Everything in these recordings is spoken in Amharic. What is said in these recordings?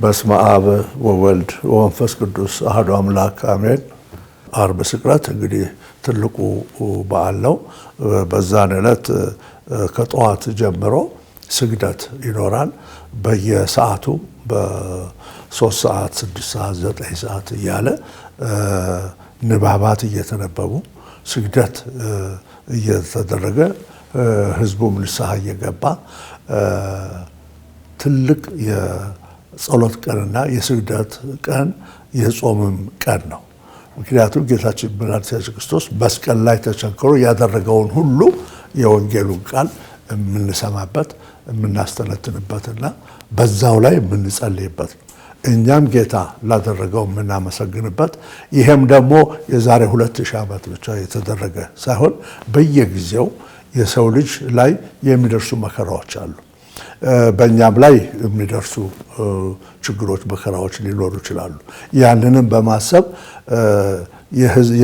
በስመ አብ ወወልድ ወመንፈስ ቅዱስ አህዶ አምላክ አሜን። አርብ ስቅለት እንግዲህ ትልቁ በዓል ነው። በዛን ዕለት ከጠዋት ጀምሮ ስግደት ይኖራል። በየሰዓቱ በሶስት ሰዓት፣ ስድስት ሰዓት፣ ዘጠኝ ሰዓት እያለ ንባባት እየተነበቡ ስግደት እየተደረገ ህዝቡም ንስሐ እየገባ ትልቅ ጸሎት ቀንና የስግደት ቀን የጾምም ቀን ነው። ምክንያቱም ጌታችን መድኃኒታችን ኢየሱስ ክርስቶስ መስቀል ላይ ተቸንክሮ ያደረገውን ሁሉ የወንጌሉን ቃል የምንሰማበት የምናስተነትንበትና በዛው ላይ የምንጸልይበት ነው። እኛም ጌታ ላደረገው የምናመሰግንበት ይሄም ደግሞ የዛሬ ሁለት ሺህ ዓመት ብቻ የተደረገ ሳይሆን በየጊዜው የሰው ልጅ ላይ የሚደርሱ መከራዎች አሉ። በእኛም ላይ የሚደርሱ ችግሮች፣ መከራዎች ሊኖሩ ይችላሉ። ያንንም በማሰብ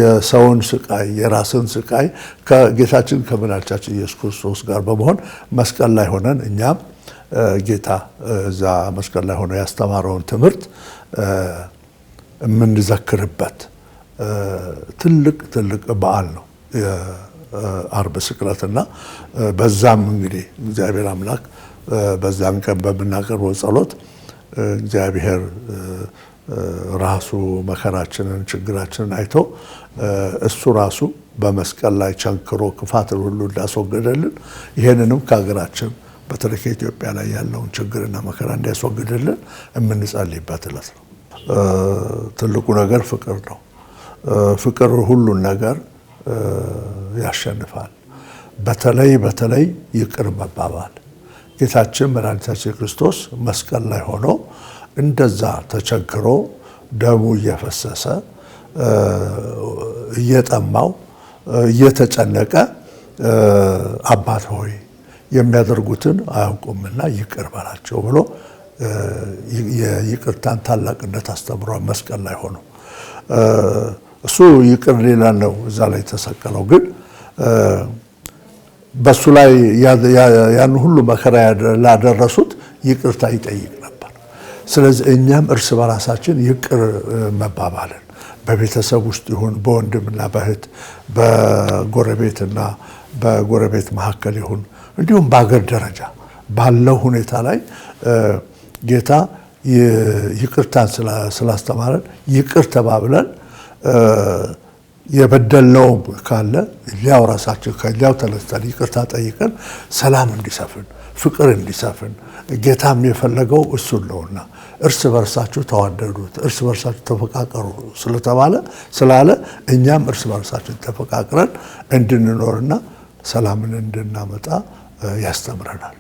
የሰውን ስቃይ የራስን ስቃይ ከጌታችን ከመድኃኒታችን ኢየሱስ ክርስቶስ ጋር በመሆን መስቀል ላይ ሆነን እኛም ጌታ እዛ መስቀል ላይ ሆነ ያስተማረውን ትምህርት የምንዘክርበት ትልቅ ትልቅ በዓል ነው የዓርብ ስቅለትና በዛም እንግዲህ እግዚአብሔር አምላክ በዛን ቀን በምናቀርበው ጸሎት እግዚአብሔር ራሱ መከራችንን ችግራችንን አይቶ እሱ ራሱ በመስቀል ላይ ቸንክሮ ክፋትን ሁሉ እንዳስወገደልን ይህንንም ከሀገራችን በተለይ ከኢትዮጵያ ላይ ያለውን ችግርና መከራ እንዲያስወግድልን የምንጸልይበት እለት ነው። ትልቁ ነገር ፍቅር ነው። ፍቅር ሁሉን ነገር ያሸንፋል። በተለይ በተለይ ይቅር መባባል ጌታችን መድኃኒታችን ክርስቶስ መስቀል ላይ ሆኖ እንደዛ ተቸግሮ ደሙ እየፈሰሰ እየጠማው እየተጨነቀ አባት ሆይ የሚያደርጉትን አያውቁምና ይቅር በላቸው ብሎ የይቅርታን ታላቅነት አስተምሯል። መስቀል ላይ ሆኖ እሱ ይቅር ሌላ ነው እዛ ላይ የተሰቀለው ግን በሱ ላይ ያን ሁሉ መከራ ላደረሱት ይቅርታ ይጠይቅ ነበር። ስለዚህ እኛም እርስ በራሳችን ይቅር መባባልን በቤተሰብ ውስጥ ይሁን በወንድምና በእህት በጎረቤትና በጎረቤት መካከል ይሁን እንዲሁም በአገር ደረጃ ባለው ሁኔታ ላይ ጌታ ይቅርታን ስላስተማረን ይቅር ተባብለን የበደልነውም ካለ እዚያው ራሳችን ከዚያው ተነስተን ይቅርታ ጠይቀን ሰላም እንዲሰፍን ፍቅር እንዲሰፍን ጌታም የፈለገው እሱን ነውና እርስ በርሳችሁ ተዋደዱት፣ እርስ በርሳችሁ ተፈቃቀሩ ስለተባለ ስላለ እኛም እርስ በርሳችን ተፈቃቅረን እንድንኖርና ሰላምን እንድናመጣ ያስተምረናል።